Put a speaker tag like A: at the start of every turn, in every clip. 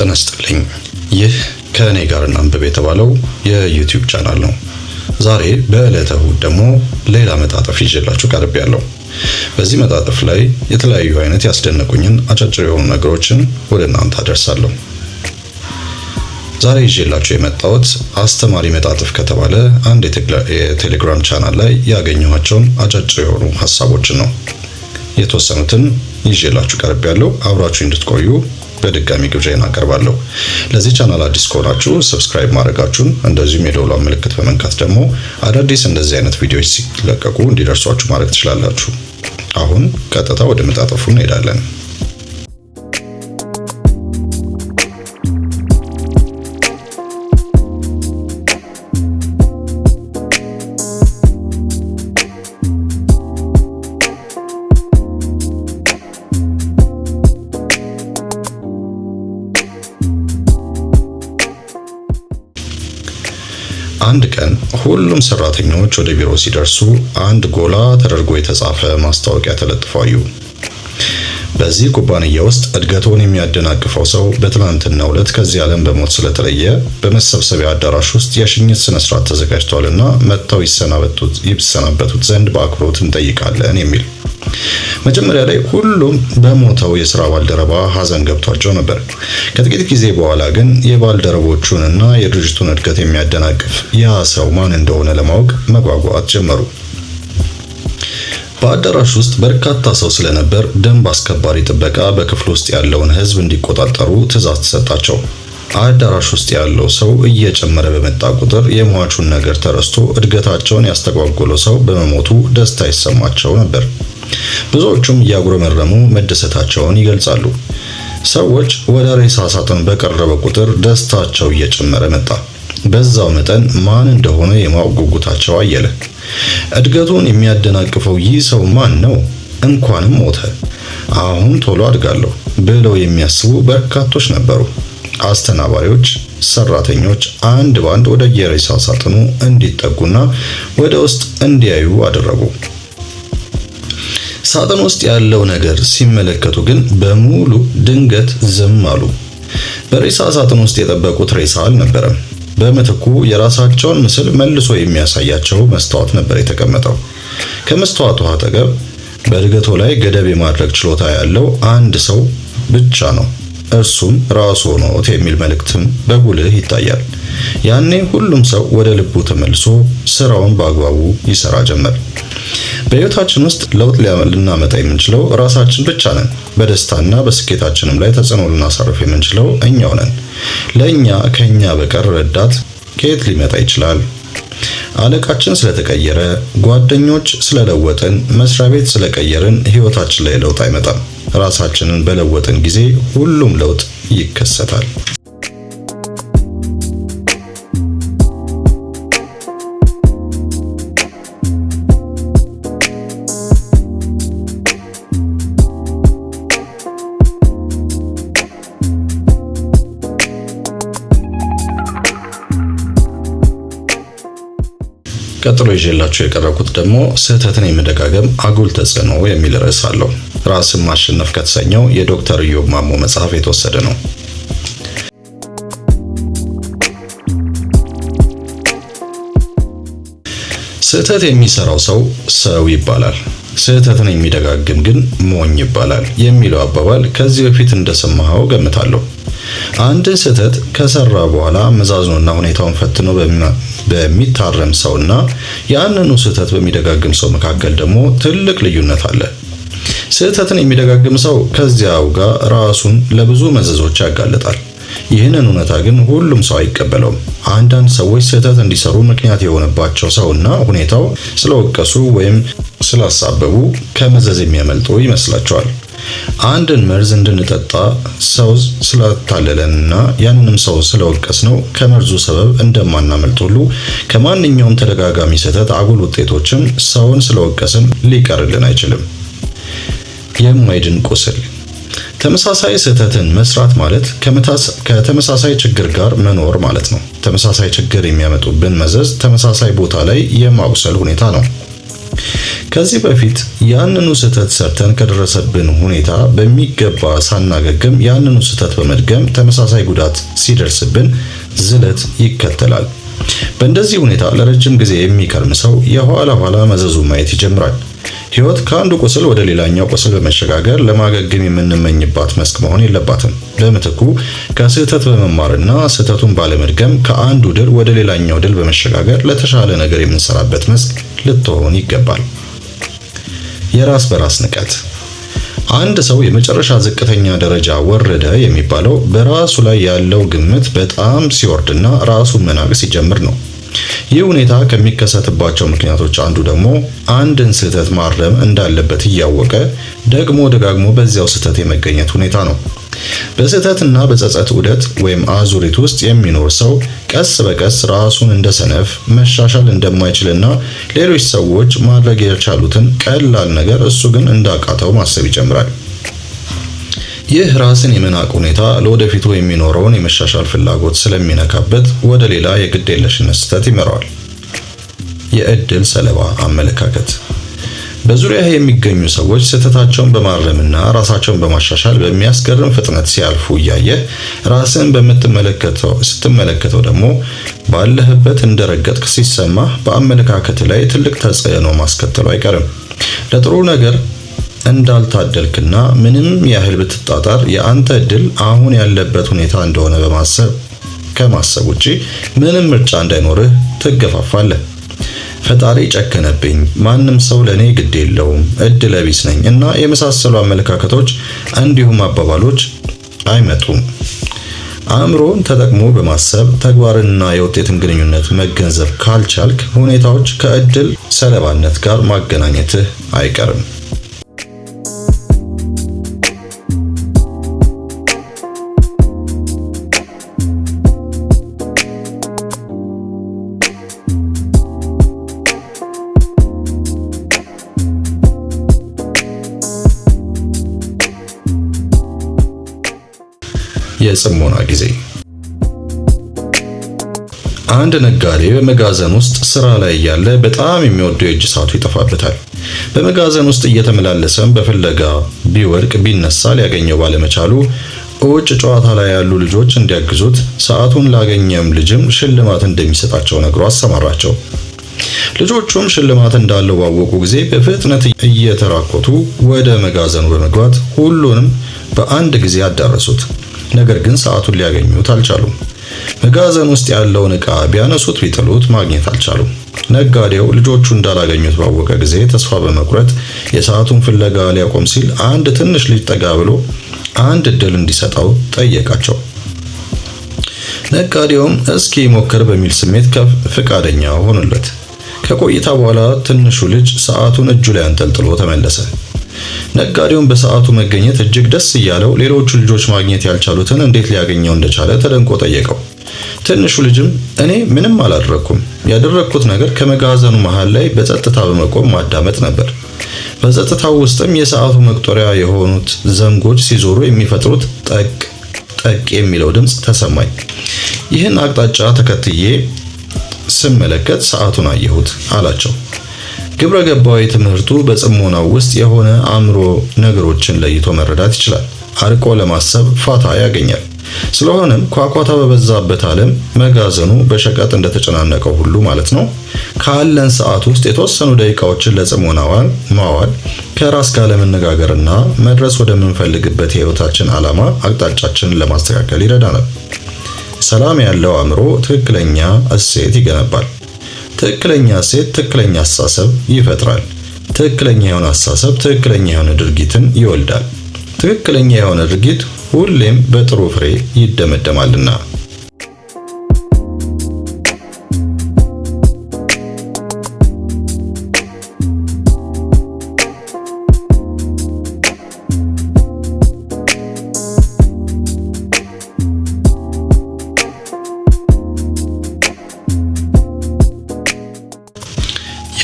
A: ጤና ይስጥልኝ። ይህ ከእኔ ጋር እናንብብ የተባለው የዩቲዩብ ቻናል ነው። ዛሬ በዕለተ እሁድ ደግሞ ሌላ መጣጥፍ ይዤላችሁ ቀርቤያለሁ። በዚህ መጣጥፍ ላይ የተለያዩ አይነት ያስደነቁኝን አጫጭር የሆኑ ነገሮችን ወደ እናንተ አደርሳለሁ። ዛሬ ይዤላችሁ የመጣሁት አስተማሪ መጣጥፍ ከተባለ አንድ የቴሌግራም ቻናል ላይ ያገኘኋቸውን አጫጭር የሆኑ ሀሳቦችን ነው። የተወሰኑትን ይዤላችሁ ቀርቤያለሁ። አብራችሁ እንድትቆዩ በድጋሚ ግብዣ አቀርባለሁ። ለዚህ ቻናል አዲስ ከሆናችሁ ሰብስክራይብ ማድረጋችሁን እንደዚሁም የደወሏን ምልክት በመንካት ደግሞ አዳዲስ እንደዚህ አይነት ቪዲዮዎች ሲለቀቁ እንዲደርሷችሁ ማድረግ ትችላላችሁ። አሁን ቀጥታ ወደ መጣጥፉ እንሄዳለን። ሁሉም ሰራተኞች ወደ ቢሮ ሲደርሱ አንድ ጎላ ተደርጎ የተጻፈ ማስታወቂያ ተለጥፎ በዚህ ኩባንያ ውስጥ እድገቱን የሚያደናቅፈው ሰው በትናንትናው ዕለት ከዚህ ዓለም በሞት ስለተለየ በመሰብሰቢያ አዳራሽ ውስጥ የሽኝት ስነ ስርዓት ተዘጋጅቷልና መጥተው ይሰናበቱት ይሰናበቱት ዘንድ በአክብሮት እንጠይቃለን የሚል መጀመሪያ ላይ ሁሉም በሞተው የስራ ባልደረባ ሀዘን ገብቷቸው ነበር። ከጥቂት ጊዜ በኋላ ግን የባልደረቦቹንና የድርጅቱን እድገት የሚያደናቅፍ ያ ሰው ማን እንደሆነ ለማወቅ መጓጓት ጀመሩ። በአዳራሽ ውስጥ በርካታ ሰው ስለነበር ደንብ አስከባሪ ጥበቃ በክፍል ውስጥ ያለውን ሕዝብ እንዲቆጣጠሩ ትእዛዝ ተሰጣቸው። አዳራሽ ውስጥ ያለው ሰው እየጨመረ በመጣ ቁጥር የሟቹን ነገር ተረስቶ እድገታቸውን ያስተጓጎለው ሰው በመሞቱ ደስታ ይሰማቸው ነበር። ብዙዎቹም እያጉረመረሙ መደሰታቸውን ይገልጻሉ። ሰዎች ወደ ሬሳ ሳጥን በቀረበ ቁጥር ደስታቸው እየጨመረ መጣ። በዛው መጠን ማን እንደሆነ የማወቅ ጉጉታቸው አየለ። እድገቱን የሚያደናቅፈው ይህ ሰው ማን ነው? እንኳንም ሞተ፣ አሁን ቶሎ አድጋለሁ ብለው የሚያስቡ በርካቶች ነበሩ። አስተናባሪዎች፣ ሰራተኞች አንድ ባንድ ወደ የሬሳ ሳጥኑ እንዲጠጉና ወደ ውስጥ እንዲያዩ አደረጉ። ሳጥን ውስጥ ያለው ነገር ሲመለከቱ ግን በሙሉ ድንገት ዝም አሉ። በሬሳ ሳጥን ውስጥ የጠበቁት ሬሳ አልነበረም። በምትኩ የራሳቸውን ምስል መልሶ የሚያሳያቸው መስታወት ነበር የተቀመጠው። ከመስታወቱ አጠገብ በእድገቶ ላይ ገደብ የማድረግ ችሎታ ያለው አንድ ሰው ብቻ ነው፣ እርሱም ራስዎ ኖት የሚል መልእክትም በጉልህ ይታያል። ያኔ ሁሉም ሰው ወደ ልቡ ተመልሶ ስራውን በአግባቡ ይሰራ ጀመር። በህይወታችን ውስጥ ለውጥ ልናመጣ የምንችለው ራሳችን ብቻ ነን። በደስታና በስኬታችንም ላይ ተጽዕኖ ልናሳርፍ የምንችለው እኛው ነን። ለእኛ ከእኛ በቀር ረዳት ከየት ሊመጣ ይችላል? አለቃችን ስለተቀየረ፣ ጓደኞች ስለለወጥን፣ መስሪያ ቤት ስለቀየርን ህይወታችን ላይ ለውጥ አይመጣም። ራሳችንን በለወጥን ጊዜ ሁሉም ለውጥ ይከሰታል። ቀጥሎ ይዤላችሁ የቀረብኩት ደግሞ ስህተትን የመደጋገም አጉል ተጽዕኖ የሚል ርዕስ አለው። ራስን ማሸነፍ ከተሰኘው የዶክተር ኢዮብ ማሞ መጽሐፍ የተወሰደ ነው። ስህተት የሚሰራው ሰው ሰው ይባላል፣ ስህተትን የሚደጋግም ግን ሞኝ ይባላል የሚለው አባባል ከዚህ በፊት እንደሰማኸው ገምታለሁ። አንድን ስህተት ከሰራ በኋላ መዛዝኖና ሁኔታውን ፈትኖ በሚታረም ሰውና ያንኑ ስህተት በሚደጋግም ሰው መካከል ደግሞ ትልቅ ልዩነት አለ። ስህተትን የሚደጋግም ሰው ከዚያው ጋር ራሱን ለብዙ መዘዞች ያጋልጣል። ይህንን እውነታ ግን ሁሉም ሰው አይቀበለውም። አንዳንድ ሰዎች ስህተት እንዲሰሩ ምክንያት የሆነባቸው ሰውና ሁኔታው ስለወቀሱ ወይም ስላሳበቡ ከመዘዝ የሚያመልጡ ይመስላቸዋል። አንድን መርዝ እንድንጠጣ ሰው ስላታለለንና ያንንም ሰው ስለወቀስ ነው ከመርዙ ሰበብ እንደማናመልጥ ሁሉ ከማንኛውም ተደጋጋሚ ስህተት አጉል ውጤቶችም ሰውን ስለወቀስን ሊቀርልን አይችልም። የማይድን ቁስል ተመሳሳይ ስህተትን መስራት ማለት ከተመሳሳይ ችግር ጋር መኖር ማለት ነው። ተመሳሳይ ችግር የሚያመጡብን መዘዝ ተመሳሳይ ቦታ ላይ የማቁሰል ሁኔታ ነው። ከዚህ በፊት ያንኑ ስህተት ሰርተን ከደረሰብን ሁኔታ በሚገባ ሳናገግም ያንኑ ስህተት በመድገም ተመሳሳይ ጉዳት ሲደርስብን ዝለት ይከተላል። በእንደዚህ ሁኔታ ለረጅም ጊዜ የሚከርም ሰው የኋላ ኋላ መዘዙ ማየት ይጀምራል። ህይወት ከአንዱ ቁስል ወደ ሌላኛው ቁስል በመሸጋገር ለማገገም የምንመኝባት መስክ መሆን የለባትም። በምትኩ ከስህተት በመማርና ስህተቱን ባለመድገም ከአንዱ ድል ወደ ሌላኛው ድል በመሸጋገር ለተሻለ ነገር የምንሰራበት መስክ ልትሆን ይገባል። የራስ በራስ ንቀት አንድ ሰው የመጨረሻ ዝቅተኛ ደረጃ ወረደ የሚባለው በራሱ ላይ ያለው ግምት በጣም ሲወርድና ራሱን መናቅ ሲጀምር ነው። ይህ ሁኔታ ከሚከሰትባቸው ምክንያቶች አንዱ ደግሞ አንድን ስህተት ማረም እንዳለበት እያወቀ ደግሞ ደጋግሞ በዚያው ስህተት የመገኘት ሁኔታ ነው። በስህተትና በጸጸት ውደት ወይም አዙሪት ውስጥ የሚኖር ሰው ቀስ በቀስ ራሱን እንደ ሰነፍ መሻሻል እንደማይችልና ሌሎች ሰዎች ማድረግ የቻሉትን ቀላል ነገር እሱ ግን እንዳቃተው ማሰብ ይጀምራል። ይህ ራስን የመናቅ ሁኔታ ለወደፊቱ የሚኖረውን የመሻሻል ፍላጎት ስለሚነካበት ወደ ሌላ የግድ የለሽነት ስህተት ይመራዋል። የእድል ሰለባ አመለካከት በዙሪያ የሚገኙ ሰዎች ስህተታቸውን በማረምና ራሳቸውን በማሻሻል በሚያስገርም ፍጥነት ሲያልፉ እያየ ራስን በምትመለከተው ስትመለከተው ደግሞ ባለህበት እንደረገጥክ ሲሰማ በአመለካከት ላይ ትልቅ ተጽዕኖ ማስከተሉ አይቀርም። ለጥሩ ነገር እንዳልታደልክና ምንም ያህል ብትጣጣር የአንተ እድል አሁን ያለበት ሁኔታ እንደሆነ በማሰብ ከማሰብ ውጪ ምንም ምርጫ እንዳይኖርህ ትገፋፋለህ። ፈጣሪ ጨከነብኝ፣ ማንም ሰው ለኔ ግድ የለውም፣ እድለ ቢስ ነኝ እና የመሳሰሉ አመለካከቶች እንዲሁም አባባሎች አይመጡም። አእምሮን ተጠቅሞ በማሰብ ተግባርንና የውጤትን ግንኙነት መገንዘብ ካልቻልክ ሁኔታዎች ከእድል ሰለባነት ጋር ማገናኘትህ አይቀርም። የጽሞና ጊዜ። አንድ ነጋዴ በመጋዘን ውስጥ ስራ ላይ እያለ በጣም የሚወደው የእጅ ሰዓቱ ይጠፋበታል። በመጋዘን ውስጥ እየተመላለሰም በፍለጋ ቢወድቅ ቢነሳ ሊያገኘው ባለመቻሉ ውጭ ጨዋታ ላይ ያሉ ልጆች እንዲያግዙት ሰዓቱን ላገኘም ልጅም ሽልማት እንደሚሰጣቸው ነግሮ አሰማራቸው። ልጆቹም ሽልማት እንዳለው ባወቁ ጊዜ በፍጥነት እየተራኮቱ ወደ መጋዘኑ በመግባት ሁሉንም በአንድ ጊዜ አዳረሱት። ነገር ግን ሰዓቱን ሊያገኙት አልቻሉም። መጋዘን ውስጥ ያለውን ዕቃ ቢያነሱት ቢጥሉት ማግኘት አልቻሉም። ነጋዴው ልጆቹ እንዳላገኙት ባወቀ ጊዜ ተስፋ በመቁረጥ የሰዓቱን ፍለጋ ሊያቆም ሲል አንድ ትንሽ ልጅ ጠጋ ብሎ አንድ እድል እንዲሰጠው ጠየቃቸው። ነጋዴውም እስኪ ሞክር በሚል ስሜት ፈቃደኛ ሆኑለት። ከቆይታ በኋላ ትንሹ ልጅ ሰዓቱን እጁ ላይ አንጠልጥሎ ተመለሰ። ነጋዴውን በሰዓቱ መገኘት እጅግ ደስ እያለው ሌሎቹ ልጆች ማግኘት ያልቻሉትን እንዴት ሊያገኘው እንደቻለ ተደንቆ ጠየቀው። ትንሹ ልጅም እኔ ምንም አላደረኩም፣ ያደረኩት ነገር ከመጋዘኑ መሃል ላይ በጸጥታ በመቆም ማዳመጥ ነበር። በጸጥታው ውስጥም የሰዓቱ መቁጠሪያ የሆኑት ዘንጎች ሲዞሩ የሚፈጥሩት ጠቅ ጠቅ የሚለው ድምፅ ተሰማኝ። ይህን አቅጣጫ ተከትዬ ስመለከት ሰዓቱን አየሁት አላቸው። ግብረ ገባዊ ትምህርቱ በጽሞናው ውስጥ የሆነ አእምሮ ነገሮችን ለይቶ መረዳት ይችላል። አርቆ ለማሰብ ፋታ ያገኛል። ስለሆነም ኳኳታ በበዛበት ዓለም መጋዘኑ በሸቀጥ እንደተጨናነቀው ሁሉ ማለት ነው። ካለን ሰዓት ውስጥ የተወሰኑ ደቂቃዎችን ለጽሞናዋን ማዋል ከራስ ጋር ለመነጋገርና መድረስ ወደምንፈልግበት የህይወታችን ዓላማ አቅጣጫችንን ለማስተካከል ይረዳናል። ሰላም ያለው አእምሮ ትክክለኛ እሴት ይገነባል። ትክክለኛ ሴት ትክክለኛ አስተሳሰብ ይፈጥራል። ትክክለኛ የሆነ አስተሳሰብ ትክክለኛ የሆነ ድርጊትን ይወልዳል። ትክክለኛ የሆነ ድርጊት ሁሌም በጥሩ ፍሬ ይደመደማልና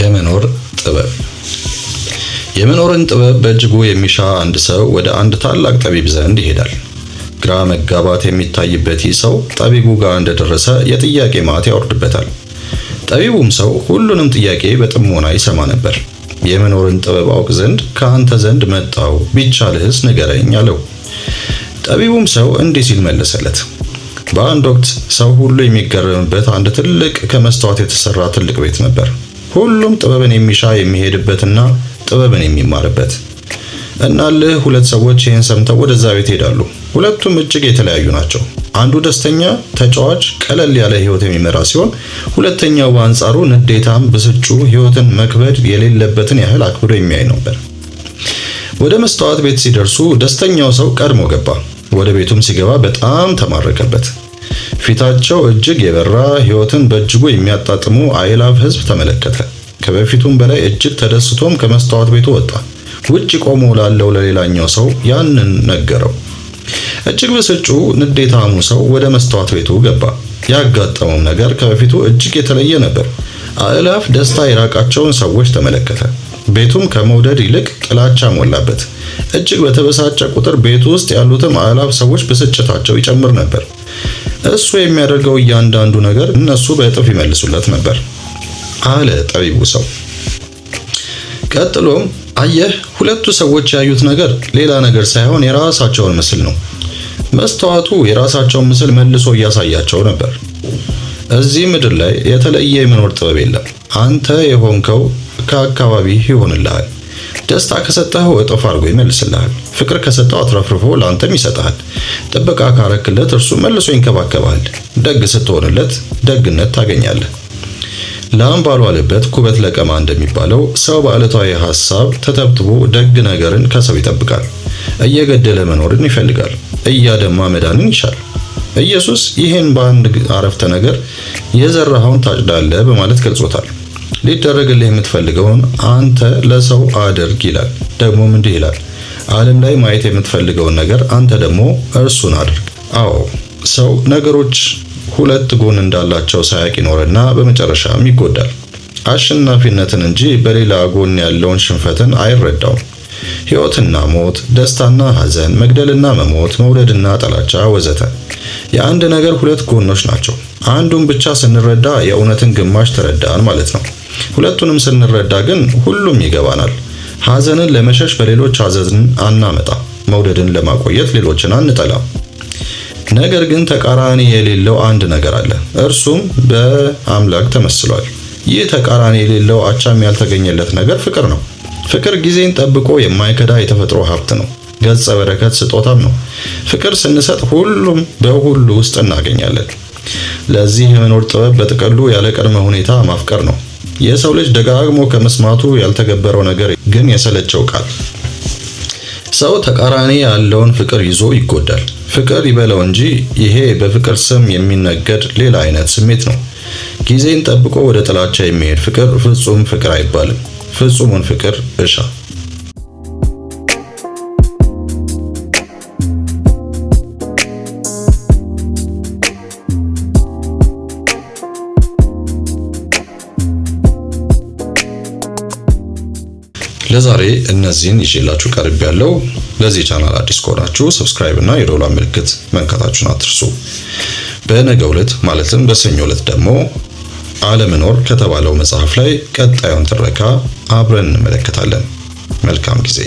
A: የመኖር ጥበብ የመኖርን ጥበብ በእጅጉ የሚሻ አንድ ሰው ወደ አንድ ታላቅ ጠቢብ ዘንድ ይሄዳል። ግራ መጋባት የሚታይበት ይህ ሰው ጠቢቡ ጋር እንደደረሰ የጥያቄ ማት ያወርድበታል። ጠቢቡም ሰው ሁሉንም ጥያቄ በጥሞና ይሰማ ነበር። የመኖርን ጥበብ አውቅ ዘንድ ከአንተ ዘንድ መጣው፣ ቢቻልህስ ንገረኝ አለው። ጠቢቡም ሰው እንዲህ ሲል መለሰለት። በአንድ ወቅት ሰው ሁሉ የሚገረምበት አንድ ትልቅ ከመስታወት የተሰራ ትልቅ ቤት ነበር። ሁሉም ጥበብን የሚሻ የሚሄድበትና ጥበብን የሚማርበት እና ልህ ሁለት ሰዎች ይህን ሰምተው ወደዛ ቤት ይሄዳሉ። ሁለቱም እጅግ የተለያዩ ናቸው። አንዱ ደስተኛ ተጫዋች፣ ቀለል ያለ ህይወት የሚመራ ሲሆን ሁለተኛው በአንጻሩ ንዴታም፣ ብስጩ፣ ህይወትን መክበድ የሌለበትን ያህል አክብዶ የሚያይ ነበር። ወደ መስተዋት ቤት ሲደርሱ ደስተኛው ሰው ቀድሞ ገባ። ወደ ቤቱም ሲገባ በጣም ተማረከበት። ፊታቸው እጅግ የበራ ሕይወትን በእጅጉ የሚያጣጥሙ አይላፍ ሕዝብ ተመለከተ። ከበፊቱም በላይ እጅግ ተደስቶም ከመስታወት ቤቱ ወጣ። ውጭ ቆሞ ላለው ለሌላኛው ሰው ያንን ነገረው። እጅግ ብስጩ ንዴታሙ ሰው ወደ መስታወት ቤቱ ገባ። ያጋጠመው ነገር ከበፊቱ እጅግ የተለየ ነበር። አእላፍ ደስታ የራቃቸውን ሰዎች ተመለከተ። ቤቱም ከመውደድ ይልቅ ጥላቻ ሞላበት። እጅግ በተበሳጨ ቁጥር ቤቱ ውስጥ ያሉትም አእላፍ ሰዎች ብስጭታቸው ይጨምር ነበር። እሱ የሚያደርገው እያንዳንዱ ነገር እነሱ በእጥፍ ይመልሱለት ነበር አለ ጠቢቡ ሰው። ቀጥሎም አየህ፣ ሁለቱ ሰዎች ያዩት ነገር ሌላ ነገር ሳይሆን የራሳቸውን ምስል ነው። መስተዋቱ የራሳቸውን ምስል መልሶ እያሳያቸው ነበር። እዚህ ምድር ላይ የተለየ የመኖር ጥበብ የለም። አንተ የሆንከው ከአካባቢህ ይሆንልሃል። ደስታ ከሰጠኸው እጥፍ አድርጎ ይመልስልሃል። ፍቅር ከሰጠው አትረፍርፎ ለአንተም ይሰጥሃል። ጥበቃ ካረክለት እርሱ መልሶ ይንከባከባል። ደግ ስትሆንለት ደግነት ታገኛለህ። ላም ባልዋለበት ኩበት ለቀማ እንደሚባለው ሰው በዕለታዊ ሐሳብ ተተብትቦ ደግ ነገርን ከሰው ይጠብቃል። እየገደለ መኖርን ይፈልጋል። እያደማ መዳንን ይሻል። ኢየሱስ ይህን በአንድ አረፍተ ነገር የዘራኸውን ታጭዳለህ በማለት ገልጾታል። ሊደረግልህ የምትፈልገውን አንተ ለሰው አድርግ ይላል። ደግሞም እንዲህ ይላል፣ ዓለም ላይ ማየት የምትፈልገውን ነገር አንተ ደግሞ እርሱን አድርግ። አዎ ሰው ነገሮች ሁለት ጎን እንዳላቸው ሳያቅ ይኖርና በመጨረሻም ይጎዳል። አሸናፊነትን እንጂ በሌላ ጎን ያለውን ሽንፈትን አይረዳውም። ሕይወትና ሞት፣ ደስታና ሐዘን፣ መግደልና መሞት፣ መውደድና ጠላቻ ወዘተ የአንድ ነገር ሁለት ጎኖች ናቸው። አንዱን ብቻ ስንረዳ የእውነትን ግማሽ ተረዳን ማለት ነው። ሁለቱንም ስንረዳ ግን ሁሉም ይገባናል። ሐዘንን ለመሸሽ በሌሎች ሐዘንን አናመጣ። መውደድን ለማቆየት ሌሎችን አንጠላ። ነገር ግን ተቃራኒ የሌለው አንድ ነገር አለ፣ እርሱም በአምላክ ተመስሏል። ይህ ተቃራኒ የሌለው አቻም ያልተገኘለት ነገር ፍቅር ነው። ፍቅር ጊዜን ጠብቆ የማይከዳ የተፈጥሮ ሀብት ነው፣ ገጸ በረከት ስጦታም ነው። ፍቅር ስንሰጥ ሁሉም በሁሉ ውስጥ እናገኛለን። ለዚህ የመኖር ጥበብ በጥቅሉ ያለ ቅድመ ሁኔታ ማፍቀር ነው። የሰው ልጅ ደጋግሞ ከመስማቱ ያልተገበረው ነገር ግን የሰለቸው ቃል። ሰው ተቃራኒ ያለውን ፍቅር ይዞ ይጎዳል። ፍቅር ይበለው እንጂ ይሄ በፍቅር ስም የሚነገድ ሌላ አይነት ስሜት ነው። ጊዜን ጠብቆ ወደ ጥላቻ የሚሄድ ፍቅር ፍጹም ፍቅር አይባልም። ፍጹሙን ፍቅር እሻ። ለዛሬ እነዚህን ይዤላችሁ ቀርብ ያለው። ለዚህ ቻናል አዲስ ከሆናችሁ ሰብስክራይብ እና የዶላ ምልክት መንካታችሁን አትርሱ። በነገው ዕለት ማለትም በሰኞ ዕለት ደግሞ አለመኖር ከተባለው መጽሐፍ ላይ ቀጣዩን ትረካ አብረን እንመለከታለን። መልካም ጊዜ